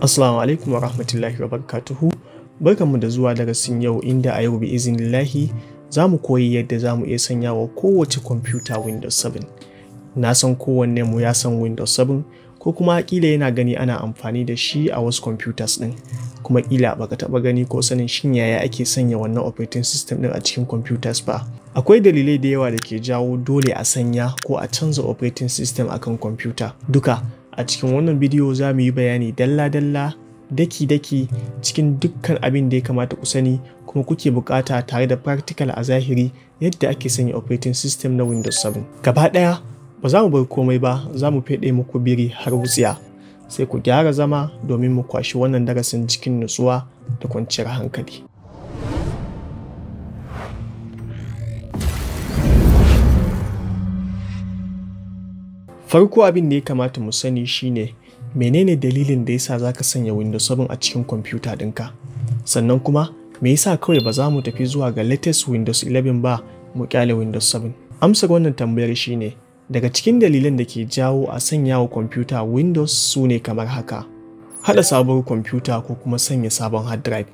Assalamu alaikum wa rahmatullahi wa barakatuhu. Barkanmu da zuwa darasin yau inda a yau bi izinillahi za mu koyi yadda za mu iya sanya wa kowace kwamfuta Windows 7. Na san kowanne mu ya san Windows 7 ko kuma kila yana gani ana amfani da shi a wasu computers din kuma kila baka taba gani ko sanin shin yaya ake sanya wannan operating system din a cikin computers ba. Akwai dalilai da yawa da ke jawo dole a sanya ko a canza operating system akan computer duka A cikin wannan bidiyo za mu yi bayani dalla-dalla, daki-daki cikin dukkan abin da ya kamata ku sani kuma kuke bukata tare da practical a zahiri yadda ake sanya operating system na Windows 7. Gaba ɗaya ba za mu bar komai ba za mu fede muku biri har wutsiya. Sai ku gyara zama domin mu kwashi wannan darasin cikin nutsuwa da kwanciyar hankali. Farko abin da ya kamata mu sani shine menene dalilin da yasa zaka sanya Windows 7 a cikin kwamfuta ɗinka. Sannan kuma me yasa kawai ba za mu tafi zuwa ga latest Windows 11 ba mu kyale Windows 7? Amsar wannan tambayar shine daga cikin dalilan da ke jawo a sanya wa kwamfuta Windows su ne kamar haka. Hada sabuwar kwamfuta ko kuma sanya sabon hard drive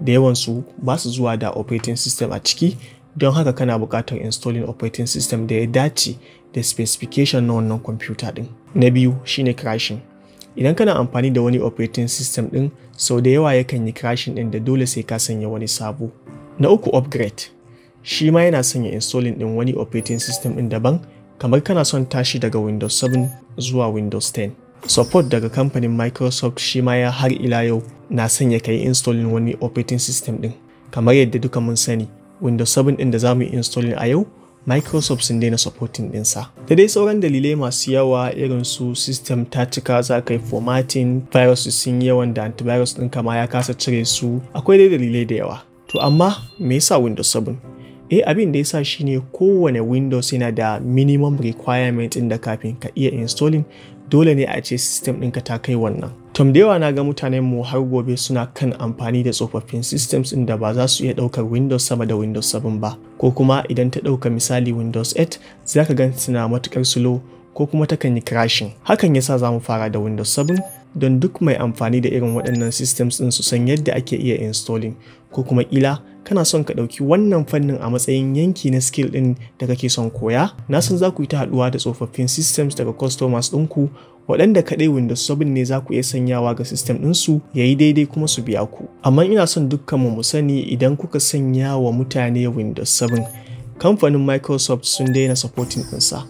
da yawansu ba su zuwa da operating system a ciki don haka kana buƙatar installing operating system da ya dace da specification na wannan kwamfuta ɗin. Na biyu shine crashing. Idan kana amfani da wani operating system ɗin sau da yawa yakan yi crashing ɗin da dole sai ka sanya wani sabo. Na uku upgrade. Shi ma yana sanya installing ɗin wani operating system ɗin daban kamar kana son tashi daga Windows 7 zuwa Windows 10. Support daga kamfanin Microsoft shi ma ya har ila yau na sanya ka yi installing wani operating system ɗin. Kamar yadda duka mun sani, Windows 7 ɗin da za mu yi installing a yau Microsoft sun daina supporting dinsa. Da dai sauran dalilai masu yawa irin su system ta cika za ka yi formatting, virus sun yawan da antivirus ɗin kama ya kasa cire su, akwai dai dalilai da yawa. To amma me yasa Windows 7? Eh abin da yasa shine kowane Windows yana da minimum requirement ɗin da kafin ka iya installing dole ne a ce system ɗinka ta kai wannan. tom da yawa na ga mutanen mu har gobe suna kan amfani da tsofaffin systems ɗin da ba za su iya ɗaukar windows sama da windows 7 ba ko kuma idan ta ɗauka misali windows 8 za ka gan suna matukar slow ko kuma takan yi crashing hakan yasa za mu fara da windows 7 don duk mai amfani da irin waɗannan systems ɗin su san yadda ake iya installing ko kuma ila, kana son ka ɗauki wannan fannin a matsayin yanki na skill ɗin da kake son koya na san za ku yi ta haɗuwa da tsofaffin systems daga customers ɗinku waɗanda kaɗai Windows 7 ne za ku iya sanyawa ga sistem ɗinsu ya yi daidai kuma su biya ku. Amma ina son dukkanmu mu sani idan kuka sanya wa mutane Windows 7, kamfanin Microsoft sun daina supporting ɗinsa.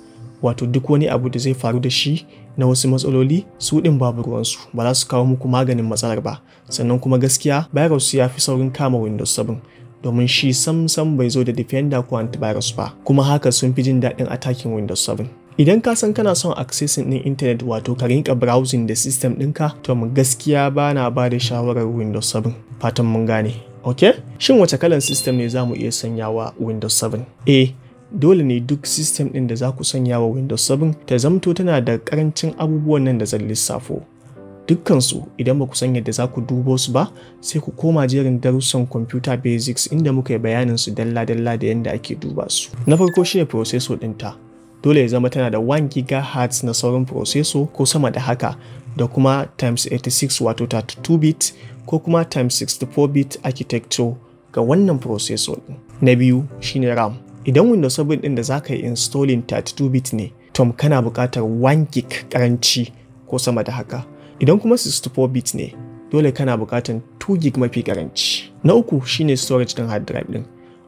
Wato duk wani abu da zai faru da shi na wasu matsaloli su ɗin babu ruwansu ba za su kawo muku maganin matsalar ba. Sannan kuma gaskiya virus ya fi saurin kama Windows 7. domin shi sam-sam bai zo da defender ko antivirus ba kuma haka sun fi jin daɗin attacking windows 7 Idan ka san kana son accessing din internet wato ka rinka browsing da system ɗinka, to mu gaskiya ba na ba da shawarar Windows 7. Fatan mun gane. Ok? Shin wace kalan system ne za mu iya sanyawa Windows 7? A. Dole ne duk system ɗin da za ku sanya wa Windows 7 ta zamto tana da ƙarancin abubuwan nan da zan lissafo. dukkansu idan ba ku san yadda za ku dubo su ba sai ku koma jerin darussan computer basics inda muka yi bayanin su dalla-dalla da yadda ake duba su na farko shine processor ɗinta dole ya zama tana da 1 GHz na saurin proseso ko sama da haka da kuma times 86 wato 32 bit ko kuma times 64 bit architecture ga wannan proseso din. Na biyu shine RAM. Idan Windows 7 din da zaka yi installing 32 bit ne, tom kana buƙatar 1 gig karanci ko sama da haka. Idan kuma 64 bit ne, dole kana buƙatar 2 gig mafi karanci. Na uku shine storage din hard drive din.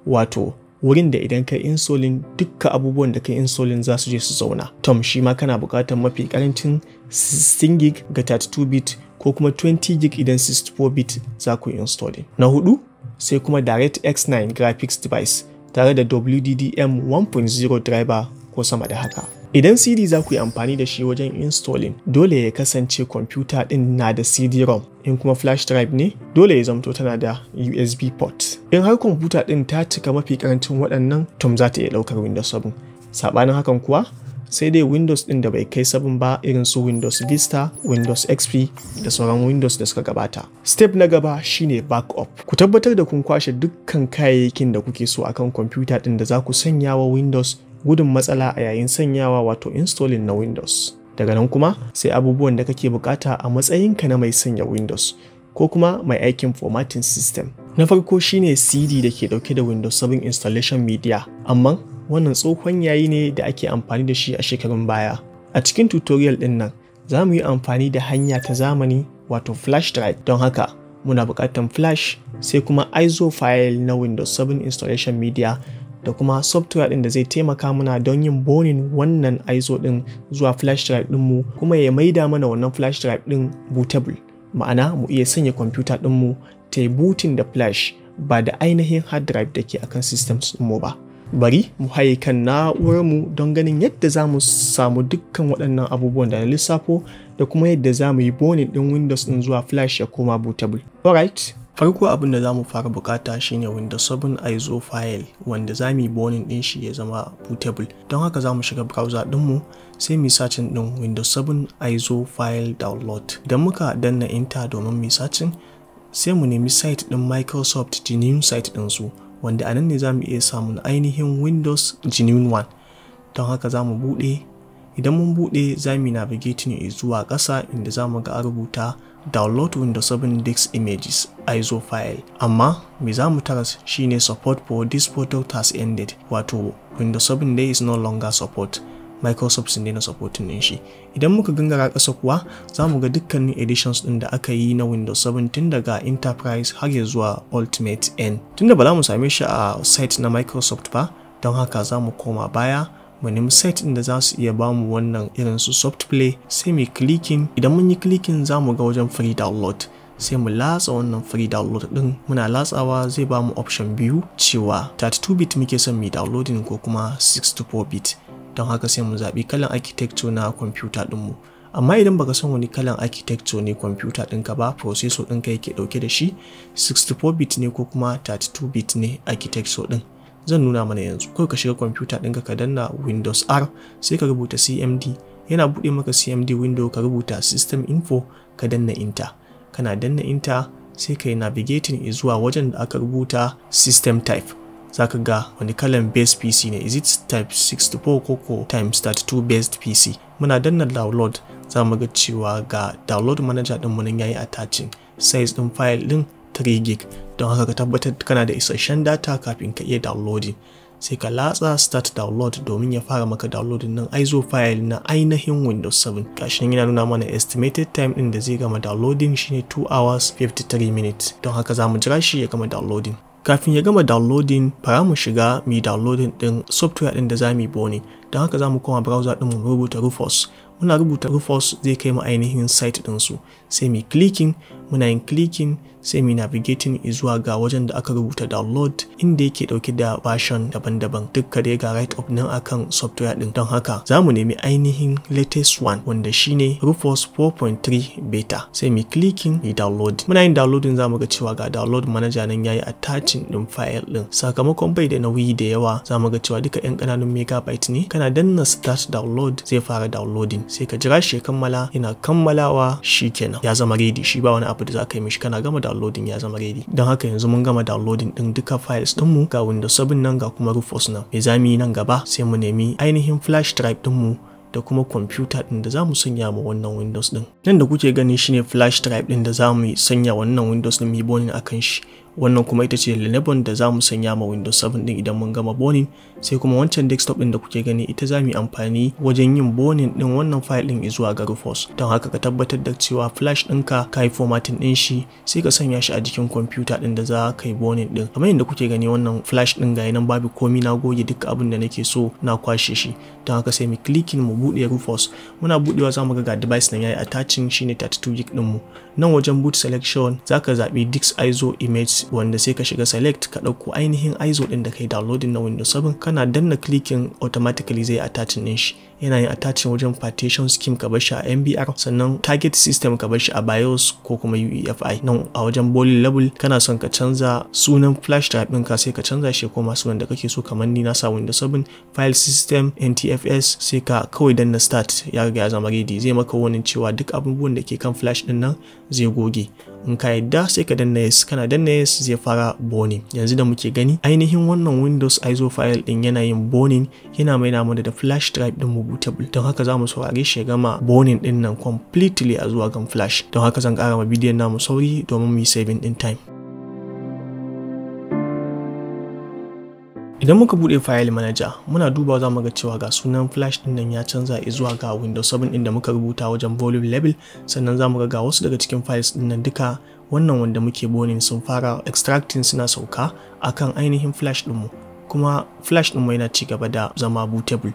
Wato wurin da idan kai insulin dukka abubuwan da kai insulin za su je su zauna tom shi ma kana buƙatar mafi karancin 16 gig ga 32 bit ko kuma 20 gig idan 64 bit za ku insulin. na hudu sai kuma DirectX 9 graphics device tare da WDDM 1.0 driver ko sama da haka. Idan CD za ku yi amfani da shi wajen installing, dole ya kasance kwamfuta ɗin na da CD-ROM, in kuma flash drive ne, dole ya zamto tana da USB port. In har kwamfuta ɗin ta cika mafi karancin waɗannan, tom za ta iya ɗaukar Windows 7. Saɓanin hakan kuwa, sai dai Windows ɗin da bai kai sabon ba irin su Windows Vista, Windows XP da sauran Windows da suka gabata. Step na gaba shine backup. Ku tabbatar da kun kwashe dukkan kayayyakin da kuke so akan kwamfuta ɗin da za ku sanya wa Windows gudun matsala a yayin sanyawa wato installing na Windows. Daga nan kuma sai abubuwan da kake bukata a matsayinka na mai sanya Windows ko kuma mai aikin formatting system. Na farko shine CD da ke dauke da Windows 7 installation media, amma wannan tsohon yayi ne da ake amfani da shi a shekarun baya. A cikin tutorial din nan, za mu yi amfani da hanya ta zamani wato flash drive don haka muna buƙatar flash sai kuma ISO file na Windows 7 installation media da kuma software din da zai taimaka mana don yin bonin wannan ISO ɗin zuwa flash drive mu. kuma ya maida mana wannan flash drive ɗin bootable ma'ana mu iya sanya kwamfuta mu ta yi booting da flash ba da ainihin hard drive da ke akan systems mu ba bari mu haye kan na'urar mu don ganin yadda za mu samu dukkan waɗannan abubuwan da na lissafo da kuma yadda za mu yi bonin ɗin windows ɗin zuwa flash ya koma bootable alright farko abin da za mu fara bukata shine windows 7 iso file wanda za mu yi bonin din shi ya zama bootable don haka za mu shiga browser dinmu sai mu sacin din windows 7 iso file download da muka danna inta domin mu sacin sai mu nemi site din microsoft genuine site din su wanda anan ne za mu iya samun ainihin windows genuine 1 don haka za mu bude idan mun bude za mu navigating zuwa ƙasa inda za mu ga a rubuta download Windows 7 disk images ISO file. Amma me za mu taras shine support for this product has ended wato Windows 7 day is no longer support. Microsoft sun daina supporting din shi. Idan muka gangara ƙasa kuwa za mu ga dukkanin editions ɗin da aka yi na Windows 7 tun daga Enterprise har ya zuwa Ultimate N. Tunda ba za mu same shi a site na Microsoft ba, don haka za mu koma baya mu nemi site ɗin da za su iya bamu wannan irin su soft play sai mu clicking idan mun yi clicking za mu ga wajen free download sai mu latsa wannan free download din muna latsawa zai bamu option biyu cewa 32 bit muke son mu downloading ko kuma 64 bit don haka sai mu zaɓi kalan architecture na computer ɗinmu amma idan baka san wani kalan architecture ne kwamfuta ɗinka ba processor ɗinka yake ɗauke da shi 64 bit ne ko kuma 32 bit ne architecture ɗin zan nuna mana yanzu kawai ka shiga kwamfuta ɗinka ka danna windows r sai ka rubuta cmd yana buɗe maka cmd window ka rubuta system info ka danna inter kana danna inter sai ka yi navigating zuwa wajen da aka rubuta system type za ka ga wani kalan base pc ne is it type 64 koko time start 2 based pc muna danna download za mu ga cewa ga download manager ɗin munin yayi attaching size ɗin file ɗin 3 gig don haka ka tabbatar kana da isasshen data kafin ka iya downloading sai ka latsa start download domin ya fara maka downloadin nan ISO file na ainihin Windows 7 gashin yana nuna mana estimated time din da zai gama downloading shine 2 hours 53 minutes don haka za mu jira shi ya gama downloading kafin ya gama downloading fara mu shiga mi downloading din software din da za mu yi bone don haka za mu koma browser din mu rubuta Rufus muna rubuta Rufus zai kai mu ainihin site su sai mu clicking muna yin clicking sai mu navigating zuwa ga wajen da aka rubuta download inda yake dauke da version daban-daban dukka dai ga right up nan akan software din don haka za mu nemi ainihin latest one wanda shine Rufus 4.3 beta sai mu clicking mu download muna yin downloading za mu ga cewa ga download manager nan yayi attaching din file din sakamakon bai da nauyi da yawa za mu ga cewa duka yan kananun megabyte ne kana danna start download zai fara downloading sai ka jira shi ya kammala ina kammalawa shi kenan ya zama ready shi ba wani abu da zaka ka yi mishi kana gama downloading ya zama ready don haka yanzu mun gama downloading din duka files ɗinmu. ga Windows 7 nan ga kuma Rufus nan me zamu nan gaba sai mu nemi ainihin flash drive mu da kuma kwamfuta ɗin da zamu sanya ma wannan Windows ɗin. Nan da kuke gani shine flash drive ɗin da za mu sanya wannan Windows ɗin mu yi akan shi. wannan kuma ita ce Linebon da za mu sanya ma Windows 7 din idan mun gama bonin sai kuma wancan desktop din da kuke gani ita za mu yi amfani wajen yin bonin din wannan file din zuwa ga Rufus don haka ka tabbatar da cewa flash ɗinka ka yi formatting din shi sai ka sanya shi a jikin computer din da za ka yi boning din kamar yadda kuke gani wannan flash din ga nan babu komi na goge duk abin da nake so na kwashe shi don haka sai mu clicking mu buɗe Rufus muna buɗewa za mu ga ga device nan yayi attaching shine 32 gig din mu nan wajen boot selection zaka zaɓi disk ISO image wanda sai ka shiga select ka ɗauko ainihin ISO ɗin da kai downloading na Windows 7 kana danna clicking automatically zai attach din shi yana yin attaching wajen partition scheme ka bashi a MBR sannan target system ka bashi a BIOS ko kuma UEFI nan a wajen bolin level kana son ka canza sunan flash drive din ka sai ka canza shi ko sunan da kake so kamar ni na sa Windows 7 file system NTFS sai ka kawai dan na start ya riga ya zama ready zai maka wani cewa duk abubuwan da ke kan flash ɗin nan zai goge in ka yadda sai ka danna yes kana danna yes zai fara boning yanzu da muke gani ainihin wannan Windows ISO file din yana yin boning yana maina mana da flash drive din mu rubutable don haka za mu saurare shi ya gama bonin din nan completely a zuwa gan flash don haka zan kara ma bidiyon namu sauri domin mu yi saving din time idan muka bude file manager muna duba za mu ga cewa ga sunan flash din nan ya canza zuwa ga windows 7 din da muka rubuta wajen volume level sannan za mu ga ga wasu daga cikin files din nan duka wannan wanda muke bonin sun fara extracting suna sauka akan ainihin flash dinmu kuma flash dinmu yana ci gaba da zama bootable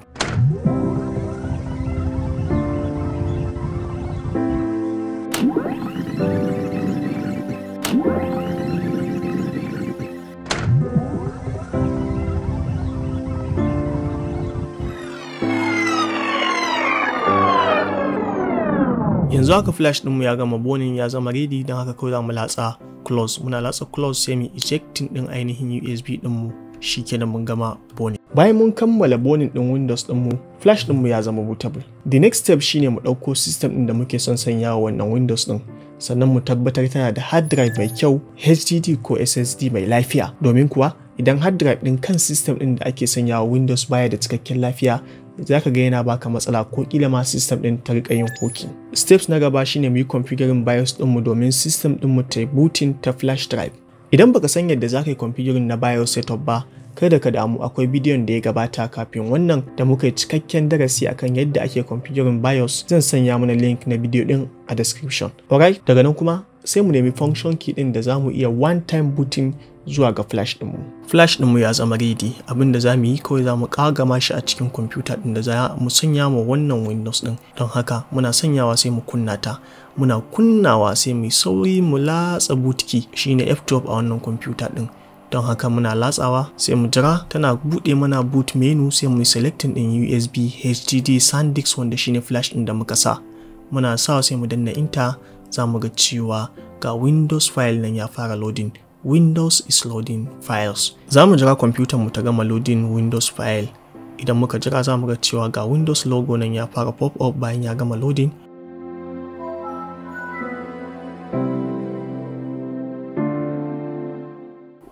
yanzu haka flash ɗinmu ya gama bonin ya zama ready don haka kawai za mu latsa close muna latsa close sai mu ejecting ɗin ainihin usb ɗinmu shi kenan mun gama boning bayan mun kammala bonin ɗin windows ɗinmu flash ɗinmu ya zama bootable the next step shine mu ɗauko system ɗin da muke son sanya wa wannan windows ɗin sannan mu tabbatar tana da hard drive mai kyau HDD ko SSD mai lafiya domin kuwa idan hard drive din kan system din da ake sanya wa Windows baya da cikakken lafiya za ka ga yana baka matsala ko kila ma system ɗin ta riƙa yin hoki. Steps na gaba shine mu yi configuring BIOS mu domin system mu ta booting ta flash drive. Idan baka san yadda za ka yi configuring na BIOS setup ba, kada ka damu akwai bidiyon da ya gabata kafin wannan da muka yi cikakken darasi akan yadda ake configuring BIOS zan sanya mana link na bidiyo ɗin a description. Alright, daga nan kuma sai mu nemi function key ɗin da za mu iya one time booting zuwa ga flash ɗinmu. Flash ɗinmu ya zama ready abinda za mu yi kawai zamu kagama shi a cikin computer ɗin da za mu sanya wa wannan Windows ɗin don haka muna sanyawa sai mu kunna ta. Muna kunnawa sai mu sauri mu latsa boot key shine F12 a wannan computer ɗin. don haka muna latsawa sai mu jira tana buɗe mana boot menu sai mu selecting ɗin USB HDD SanDisk wanda shine flash ɗin da muka sa muna sawa sai mu danna enter za mu ga cewa ga Windows file nan ya fara loading. Windows is loading files. Za mu jira computer mu ta gama loading Windows file. Idan muka jira za mu ga cewa ga Windows logo nan ya fara pop up bayan ya gama loading.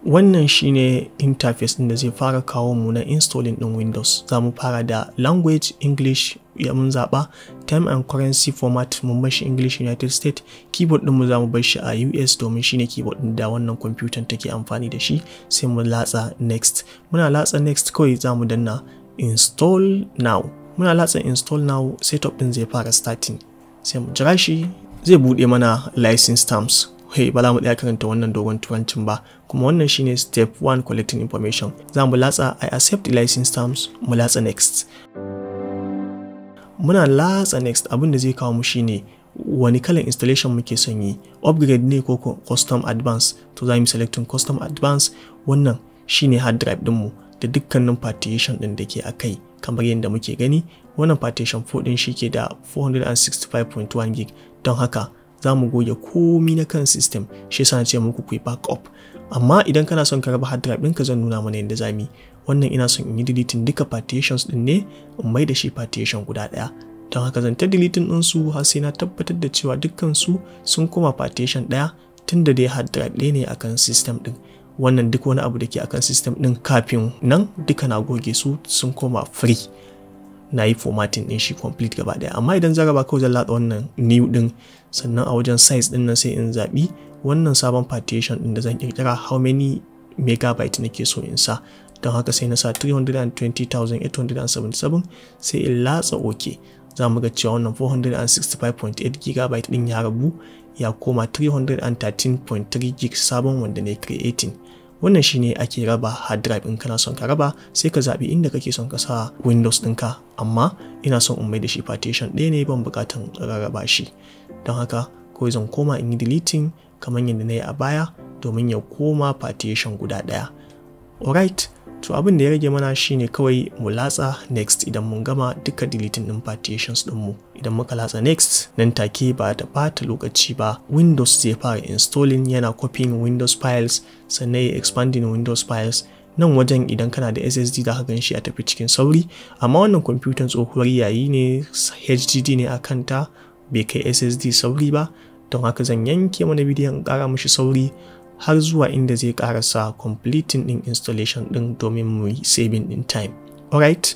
Wannan shine interface ɗin da zai fara kawo mu na installing ɗin Windows. Za mu fara da language English ya mun zaɓa time and currency format mun bar shi English United States keyboard ɗin mu za mu bar shi a US domin shine keyboard ɗin da wannan computer take amfani da shi sai mu latsa next muna latsa next kawai za mu danna install now muna latsa install now setup ɗin zai fara starting sai mu jira shi zai buɗe mana license terms hey ba mu ɗaya karanta wannan dogon turancin ba kuma wannan shine step 1 collecting information za mu latsa i accept the license terms mu latsa next muna latsa next abin da zai kawo mu shine wani kalan installation muke son yi upgrade ne ko custom advance to za mu selectin custom advance wannan shine hard drive mu da dukkanin partition din da ke akai kamar yadda muke gani wannan partition 4 din shi ke da 465.1 gig don haka za mu goge komi na kan system shi yasa na ce muku ku yi backup amma idan kana son ka raba hard drive ɗinka zan nuna mana yadda zami wannan ina son in yi deleting duka partitions ɗin ne in mai da shi partition guda ɗaya don haka zan ta deleting su har sai na tabbatar da cewa dukkansu sun koma partition ɗaya tun da dai hard drive ɗaya ne akan system ɗin wannan duk wani abu da ke akan system ɗin kafin nan duka na goge su sun koma free na yi formatting ɗin shi complete gaba ɗaya amma idan zan raba kawai zan latsa wannan new ɗin sannan a wajen size ɗin nan sai in zaɓi wannan sabon partition din da zan kirkira how many megabyte nake so in sa don haka sai na sa 320,877 sai in latsa ok za mu ga cewa wannan 465.8 gigabyte din ya rabu ya koma 313.3 gig sabon wanda ne creating wannan shine ake raba hard drive in kana son ka raba sai ka zaɓi inda kake son ka sa windows ɗinka amma ina son in mai da shi partition ɗaya ne ban bukatan rarraba shi don haka ko zan koma in yi deleting kamar yadda na yi a baya domin ya koma partition guda ɗaya. Alright, to abin da ya rage mana shine kawai mu latsa next idan mun gama duka deleting ɗin partitions ɗinmu. Idan muka latsa next nan take ba ta bata lokaci ba Windows zai fara installing yana copying Windows files sannan ya expanding Windows files nan wajen idan kana da SSD za ka gan shi a tafi cikin sauri amma wannan kwamfutan tsohuwar yayi ne HDD ne a kanta bai kai SSD sauri ba don haka zan yanke mana bidiyon ƙara mishi sauri har zuwa inda zai sa completing ɗin installation din domin mu yi saving in time alright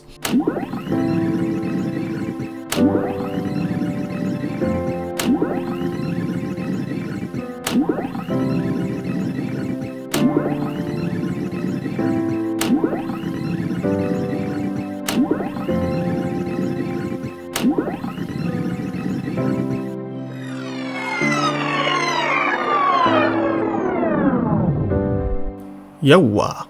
Yawwa!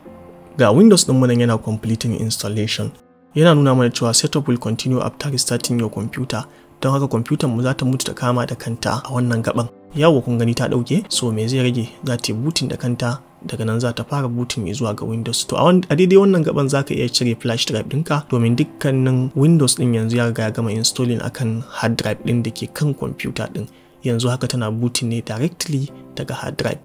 Ga Windows din nan yana completing installation. Yana nuna mana cewa setup will continue after restarting your computer. Don haka computer mu za ta mutu ta kama da kanta a wannan gaban. Yawwa kun gani ta dauke so me zai rage za ta booting da kanta daga nan za ta fara booting mai zuwa ga Windows. To a daidai wannan gaban za ka iya cire flash drive ɗinka domin dukkanin Windows din yanzu ya riga ya gama installing akan hard drive din da ke kan computer din Yanzu haka tana booting ne directly daga hard drive.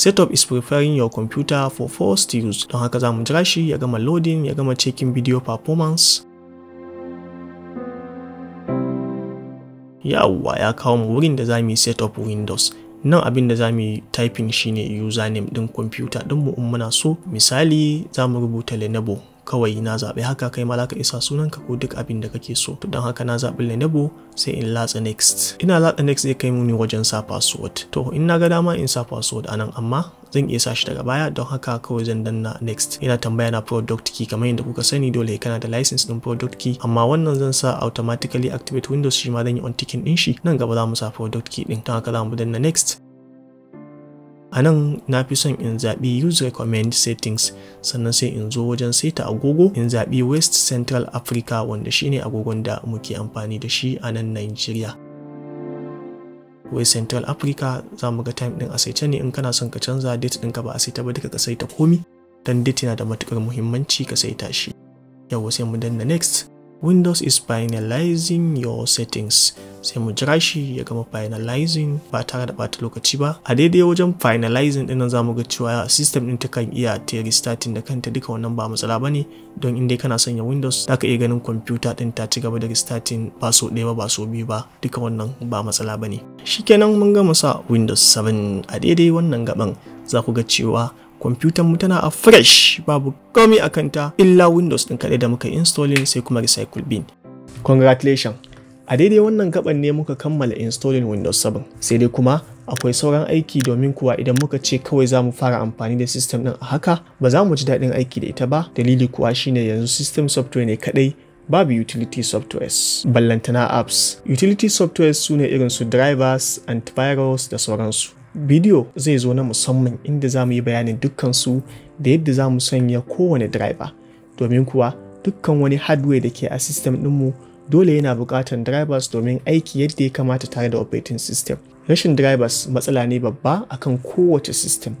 Setup is preparing your computer for forced use don haka za mu jira shi ya gama loading ya gama checking video performance. Yawwa ya kawo mu wurin da za mu yi setup Windows. Nan abin da za mu yi typing shine username din computer ɗinmu in muna so. Misali za mu rubuta Lenovo kawai na zaɓi haka kai ma zaka isa sunanka ko duk abin da kake so to don haka na zaɓi Lenovo sai in latsa next ina latsa next zai kai muni wajen sa password to in na ga dama in sa password anan amma zan iya sa shi daga baya don haka kawai zan danna next ina tambaya na product key kamar yadda kuka sani dole kana da license din product key amma wannan zan sa automatically activate windows shi ma zan yi on ticking din shi nan gaba za mu sa product key din don haka za mu danna next a nan na fi son in zaɓi use recommend settings sannan sai in zo wajen saita agogo in zaɓi west central africa wanda shine agogon da muke amfani da shi a nan nigeria west central africa za mu ga time ɗin a saita ne in kana son ka canza date ɗinka ba a saita ba duka ka saita komi dan date yana da matukar muhimmanci ka saita shi yau sai mu danna next Windows is finalizing your settings sai mu jira shi ya gama finalizing ba tare da bata lokaci ba a daidai wajen finalizing din za zamu ga cewa system din ta kan iya ta restarting da kanta duka wannan ba matsala bane don in dai kana sanya Windows zaka iya ganin computer din ta ci gaba da restarting ba so ɗaya ba ba so biyu ba duka wannan ba matsala bane shikenan mun gama sa Windows 7 a daidai wannan gaban za ku ga cewa Kwamfutan mu tana a fresh babu komai a kanta illa windows ɗin kaɗai da muka installing sai kuma recycle bin congratulations a daidai wannan gaban ne muka kammala installing windows 7 sai dai kuma akwai sauran aiki domin kuwa idan muka ce kawai za mu fara amfani da system ɗin a haka ba za mu ji daɗin aiki da ita ba dalili kuwa shine yanzu system software ne kaɗai babu utility softwares ballantana apps utility softwares su ne irin su drivers antivirus da sauransu bidiyo zai zo na musamman inda za mu yi bayanin su da yadda za mu sanya kowane driver domin kuwa dukkan wani hardware da ke a system ɗinmu dole yana buƙatar drivers domin aiki yadda ya kamata tare da operating system rashin drivers matsala ne babba akan kowace system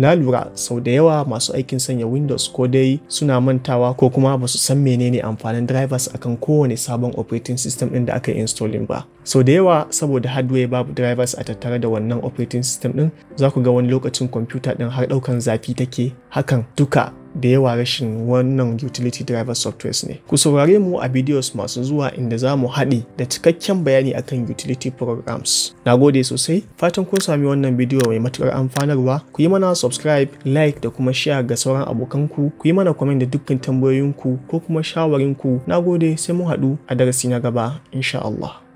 na lura sau da yawa masu aikin sanya windows ko dai suna mantawa ko kuma ba su san menene amfanin drivers akan kowane sabon operating system din da aka installing ba sau da yawa saboda hardware babu drivers a tattare da wannan operating system din za ku ga wani lokacin kwamfuta din har daukan zafi take hakan duka da yawa rashin wannan utility driver softwares ne. Ku saurare mu a videos masu zuwa inda za mu haɗe da cikakken bayani akan utility programs. Na gode sosai, fatan kun sami wannan bidiyo mai matuƙar amfanarwa, ku yi mana subscribe, like da kuma share ga sauran abokanku, ku yi mana comment da dukkan tambayoyinku ko kuma shawarinku. Na gode sai mu haɗu a darasi na gaba, insha Allah.